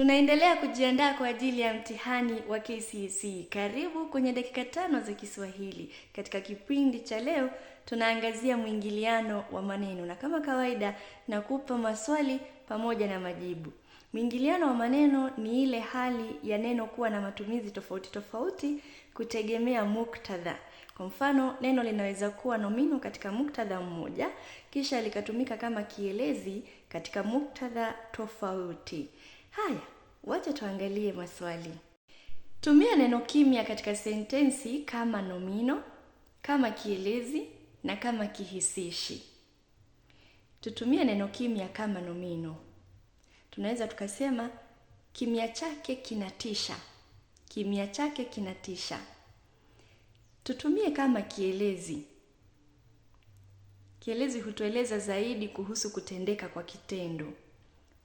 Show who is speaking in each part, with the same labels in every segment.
Speaker 1: Tunaendelea kujiandaa kwa ajili ya mtihani wa KCSE. Karibu kwenye dakika tano za Kiswahili. Katika kipindi cha leo tunaangazia mwingiliano wa maneno na kama kawaida nakupa maswali pamoja na majibu. Mwingiliano wa maneno ni ile hali ya neno kuwa na matumizi tofauti tofauti kutegemea muktadha. Kwa mfano, neno linaweza kuwa nomino katika muktadha mmoja kisha likatumika kama kielezi katika muktadha tofauti. Haya, wacha tuangalie maswali. Tumia neno kimya katika sentensi kama nomino, kama kielezi na kama kihisishi. Tutumie neno kimya kama nomino. Tunaweza tukasema kimya chake kinatisha. Kimya chake kinatisha. Tutumie kama kielezi. Kielezi hutueleza zaidi kuhusu kutendeka kwa kitendo.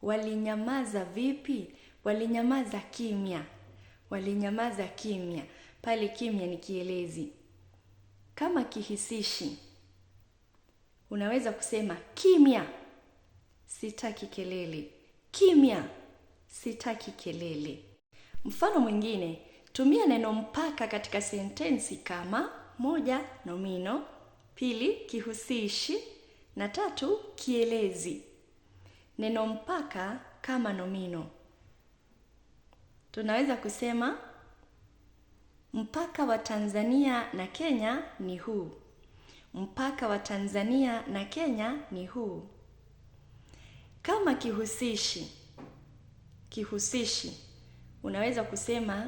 Speaker 1: Walinyamaza vipi? Walinyamaza kimya, walinyamaza kimya. Pale kimya ni kielezi. Kama kihisishi unaweza kusema kimya, sitaki kelele, kimya, sitaki kelele. Mfano mwingine, tumia neno mpaka katika sentensi kama: moja, nomino; pili, kihusishi; na tatu, kielezi neno mpaka kama nomino. Tunaweza kusema mpaka wa Tanzania na Kenya ni huu. Mpaka wa Tanzania na Kenya ni huu. Kama kihusishi, kihusishi unaweza kusema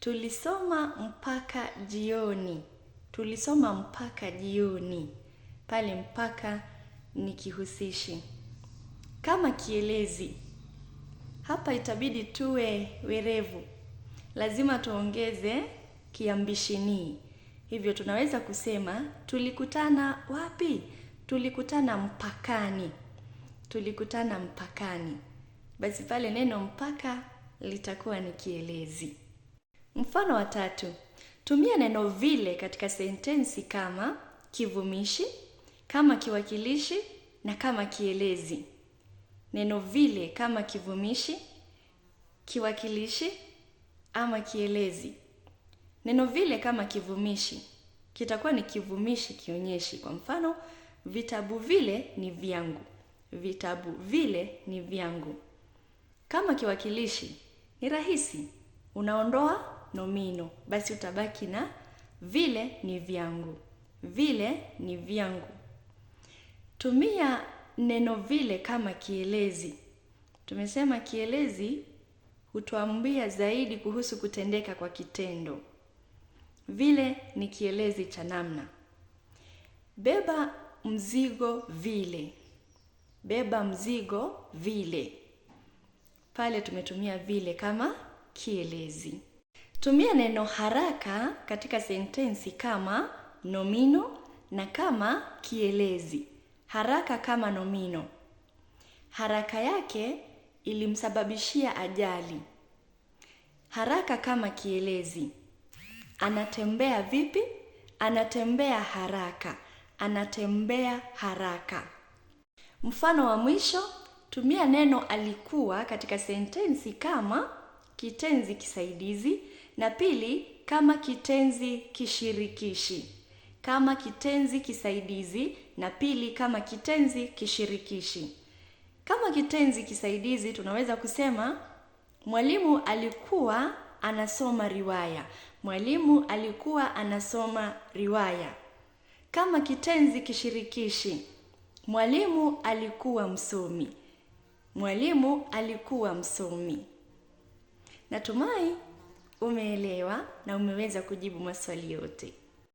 Speaker 1: tulisoma mpaka jioni. Tulisoma mpaka jioni. Pale mpaka ni kihusishi kama kielezi. Hapa itabidi tuwe werevu, lazima tuongeze kiambishini. Hivyo tunaweza kusema tulikutana wapi? Tulikutana mpakani. Tulikutana mpakani, basi pale neno mpaka litakuwa ni kielezi. Mfano wa tatu, tumia neno vile katika sentensi kama kivumishi, kama kiwakilishi na kama kielezi neno vile kama kivumishi, kiwakilishi ama kielezi. Neno vile kama kivumishi kitakuwa ni kivumishi kionyeshi. Kwa mfano, vitabu vile ni vyangu, vitabu vile ni vyangu. Kama kiwakilishi ni rahisi, unaondoa nomino, basi utabaki na vile ni vyangu, vile ni vyangu. Tumia neno vile kama kielezi. Tumesema kielezi hutuambia zaidi kuhusu kutendeka kwa kitendo. Vile ni kielezi cha namna. Beba mzigo vile. Beba mzigo vile. Pale tumetumia vile kama kielezi. Tumia neno haraka katika sentensi kama nomino na kama kielezi haraka kama nomino. Haraka yake ilimsababishia ajali. Haraka kama kielezi. Anatembea vipi? Anatembea haraka. Anatembea haraka. Mfano wa mwisho, tumia neno alikuwa katika sentensi kama kitenzi kisaidizi na pili kama kitenzi kishirikishi kama kitenzi kisaidizi na pili kama kitenzi kishirikishi. Kama kitenzi kisaidizi tunaweza kusema mwalimu alikuwa anasoma riwaya. Mwalimu alikuwa anasoma riwaya. Kama kitenzi kishirikishi, mwalimu alikuwa msomi. Mwalimu alikuwa msomi. Natumai umeelewa na umeweza kujibu maswali yote.